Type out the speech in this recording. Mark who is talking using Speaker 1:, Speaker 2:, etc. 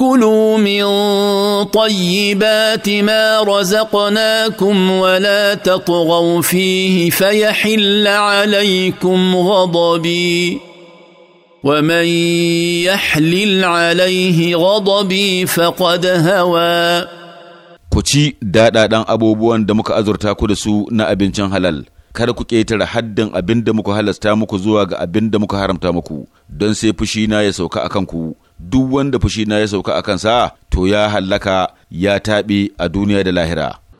Speaker 1: كلوا من طيبات ما رزقناكم ولا تطغوا فيه فيحل عليكم غضبي ومن يحلل عليه غضبي فقد هوى
Speaker 2: ku ci daɗaɗan abubuwan da muka azurta ku da su na abincin halal kada ku ƙetare haddin abin da muka halasta muku zuwa ga abin da muka haramta muku don sai fushi na ya sauka a kanku duk wanda fushina ya sauka a kansa to ya hallaka ya taɓi a duniya da lahira